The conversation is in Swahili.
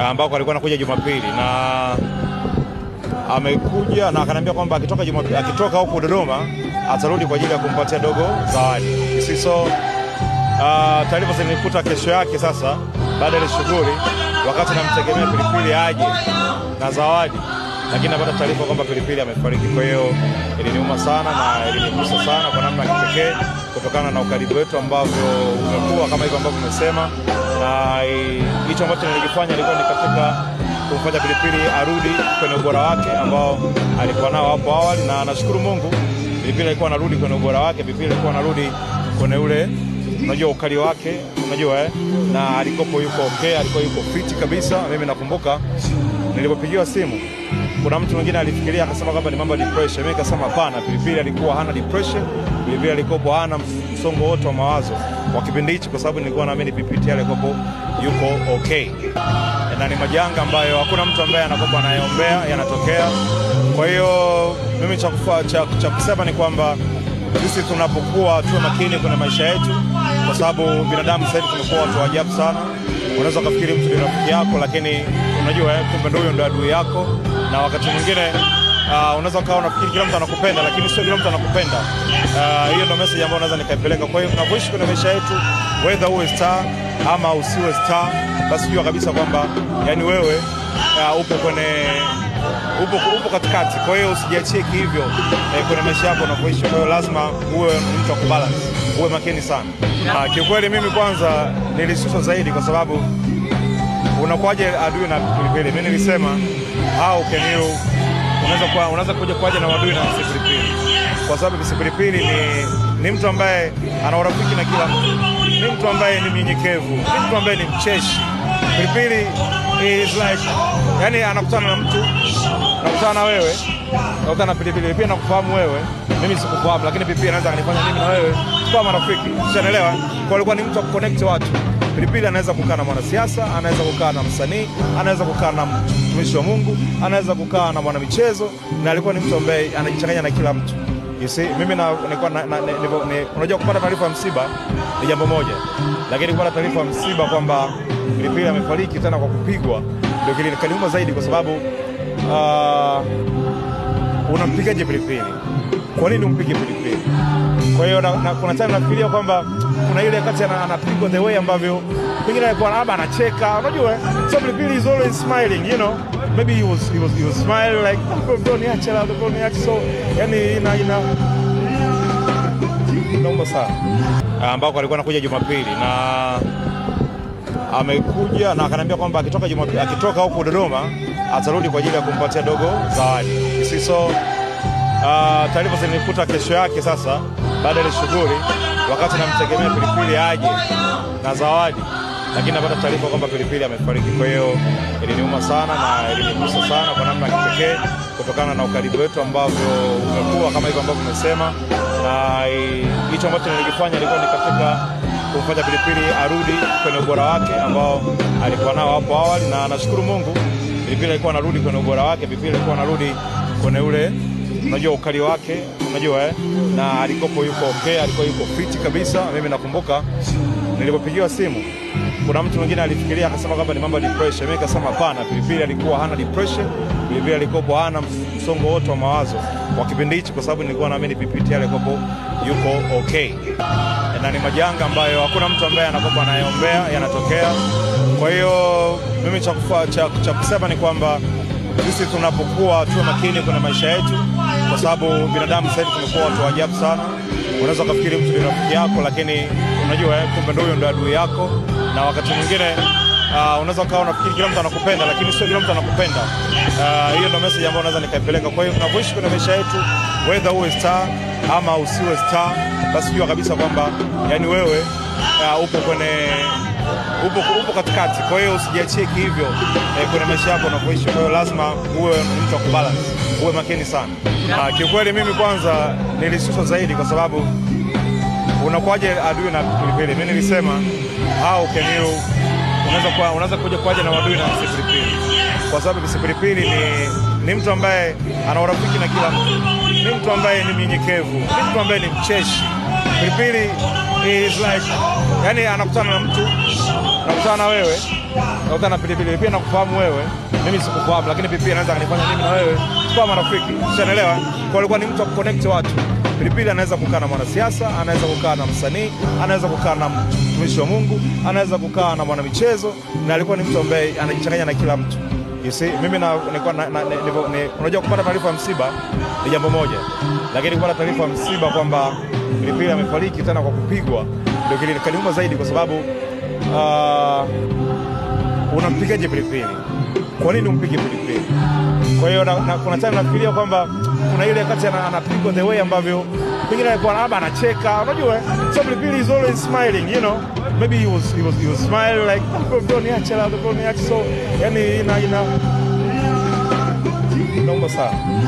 Ah, ambako alikuwa anakuja Jumapili na amekuja na akaniambia kwamba akitoka Jumapili, akitoka huko Dodoma atarudi kwa ajili ya kumpatia dogo zawadi. So uh, taarifa zilinikuta kesho yake sasa, baada ya shughuli, wakati namtegemea Pilipili aje na zawadi, lakini napata taarifa kwamba Pilipili amefariki. Kwa hiyo iliniuma sana na ilinigusa sana kwa namna ya kipekee, kutokana na ukaribu wetu ambavyo umekuwa kama hivyo ambavyo umesema na hicho ambacho nilikifanya ilikuwa ni katika kumfanya Pilipili arudi kwenye ubora wake ambao alikuwa nao hapo awali, na nashukuru Mungu Pilipili alikuwa anarudi kwenye ubora wake. Pilipili alikuwa anarudi kwenye ule unajua ukali wake, unajua eh, na alikopo yuko okay, alikuwa yuko fiti kabisa. Mimi nakumbuka nilipopigiwa simu, kuna mtu mwingine alifikiria akasema kwamba ni mambo ya depression. Mimi nikasema hapana, Pilipili alikuwa hana depression, Pilipili alikuwa hana msongo wote wa mawazo kwa kipindi hicho, kwa sababu nilikuwa naamini PPT alikuwa yuko okay, na ni majanga ambayo hakuna mtu ambaye anakopa anayeombea yanatokea. Kwa hiyo mimi cha kusema ni kwamba sisi tunapokuwa tuwe makini kwenye maisha yetu, kwa sababu binadamu sasa hivi tumekuwa watu wa ajabu sana. Unaweza ukafikiri mtu ni rafiki yako, lakini unajua eh, kumbe huyo ndo adui yako, na wakati mwingine Uh, unaweza ukawa unafikiri kila mtu anakupenda lakini sio kila mtu anakupenda. Hiyo Uh, ah, hiyo ndio message ambayo unaweza nikaipeleka. Kwa hiyo tunavyoishi kwenye maisha yetu, whether uwe star ama usiwe star, basi jua kabisa kwamba yani wewe uh, upo kwenye upo, upo katikati. Kwa hiyo usijiacheki hivyo eh, kwenye maisha yako unavyoishi. Kwa hiyo lazima uwe mtu wa kubalance, uwe makini sana. Uh, kiukweli mimi kwanza nilisusa zaidi kwa sababu unakuwaje adui na pilipili? Mimi nilisema au ah, keniu unaweza unaweza kuja kwaje na adui na Misi Pilipili, kwa sababu Misi Pilipili ni, ni mtu ambaye ana urafiki na kila mtu, ni mtu ambaye ni mnyenyekevu, ni mtu ambaye ni mcheshi. Pilipili is like, yani anakutana na mtu, anakutana na wewe, anakutana na Pilipili, pia nakufahamu wewe, mimi sikufahamu, lakini Pilipili anaweza kanifanya mimi na wewe kwa marafiki, ushaelewa. Kwa alikuwa ni mtu wa kuconnect watu. Pilipili anaweza kukaa na mwanasiasa, anaweza kukaa na msanii, anaweza kukaa na mtumishi wa Mungu, anaweza kukaa na mwanamichezo, na alikuwa ni mtu ambaye anajichanganya na kila mtu. You see, mimi na, nilikuwa na, na, unajua kupata taarifa ya msiba ni jambo moja, lakini kupata taarifa ya msiba kwamba Pilipili amefariki tena kwa kupigwa ndio kiliniuma zaidi, kwa sababu uh, unampigaje Pilipili? kwa nini umpige Pilipili? Kwa hiyo na, kuna time nafikiria kwamba kuna ile wakati anapigwa the way ambavyo pengine alikuwa labda anacheka, unajua so Pilipili is always smiling you know maybe he was, he was, he was smiling like oh, bro, don't niache la don't niache so yani ina ina naomba sana ambako ah, alikuwa anakuja Jumapili na amekuja na akaniambia kwamba akitoka Jumapili, akitoka huko Dodoma atarudi kwa ajili ya kumpatia dogo zawadi so uh, taarifa zilinikuta kesho yake sasa baada ya shughuli, wakati namtegemea Pilipili aje na zawadi, lakini napata taarifa kwamba Pilipili amefariki. Kwa hiyo iliniuma sana na ilinigusa sana kwa namna ya kipekee, kutokana na ukaribu wetu ambavyo umekuwa kama hivyo ambavyo umesema, na hicho ambacho nilikifanya ilikuwa ni katika kumfanya Pilipili arudi kwenye ubora wake ambao alikuwa nao hapo awali, na nashukuru Mungu Pilipili alikuwa anarudi kwenye ubora wake. Pilipili alikuwa anarudi kwenye ule unajua ukali wake, unajua eh? na alikopo yuko okay, alikuwa yuko fiti kabisa. Mimi nakumbuka nilipopigiwa simu, kuna mtu mwingine alifikiria akasema kwamba ni mambo ya depression. Mimi nikasema hapana, Pilipili alikuwa hana depression, Pilipili alikopo hana msongo wote wa mawazo kwa kipindi hicho, kwa sababu nilikuwa naamini PPT alikopo yuko okay, na ni majanga ambayo hakuna mtu ambaye anakopa anayeombea yanatokea. Kwa hiyo mimi cha kusema ni kwamba sisi tunapokuwa tuwe makini kwenye maisha yetu kwa sababu binadamu sasa hivi tumekuwa watu wa ajabu sana. Unaweza ukafikiri mtu ni rafiki yako, lakini unajua eh, kumbe ndio huyo ndio adui yako, na wakati mwingine Uh, unaweza ukawa unafikiri kila mtu anakupenda lakini sio kila mtu anakupenda. Ah, hiyo uh, ndio message ambayo naweza nikaipeleka. Kwa hiyo tunavyoishi kwenye maisha yetu, whether uwe star ama usiwe star, basi jua kabisa kwamba yani wewe uh, upo kwenye upo, upo katikati. Kwa hiyo usijiacheki hivyo eh, kwenye maisha yako unavyoishi. Kwa hiyo lazima uwe mtu wa kubalance, uwe makini sana. Ah, kiukweli mimi kwanza nilisusa zaidi kwa sababu unakuwaje adui na pilipili. Mimi nilisema au keniu unaweza kuwa unaweza kuja kuaje na adui na msipilipili, kwa sababu msipilipili ni, ni mtu ambaye ana urafiki na kila mtu, ni mtu ambaye ni mnyenyekevu, ni mtu ambaye ni mcheshi Pilipili is like, yani anakutana na mtu, anakutana na wewe, anakutana na pilipili, pia anakufahamu wewe, mimi sikufahamu, lakini pilipili anaweza kanifanya mimi na wewe kwa marafiki, ushanelewa. Kwa alikuwa ni mtu wa kuconnect watu. Pilipili anaweza kukaa na mwanasiasa, anaweza kukaa na msanii, anaweza kukaa na mtumishi wa Mungu, anaweza kukaa na mwanamichezo, na alikuwa ni mtu ambaye anajichanganya na kila mtu. You see, mimi na nilikuwa unajua, kupata taarifa ya msiba ni jambo moja, lakini kupata taarifa ya msiba kwamba Pilipili amefariki tena kwa kupigwa, ndio kilikaniuma zaidi, kwa sababu uh, unampigaje Pilipili? Kwa nini umpige Pilipili? Kwa hiyo na, na, kuna time nafikiria kwamba kuna ile kati anapigwa the way ambavyo pengine alikuwa labda anacheka, unajua so Pilipili is always smiling you know maybe he was, he was, he was smile like don't oh, niache la niache so yani ina ina inaomba sana.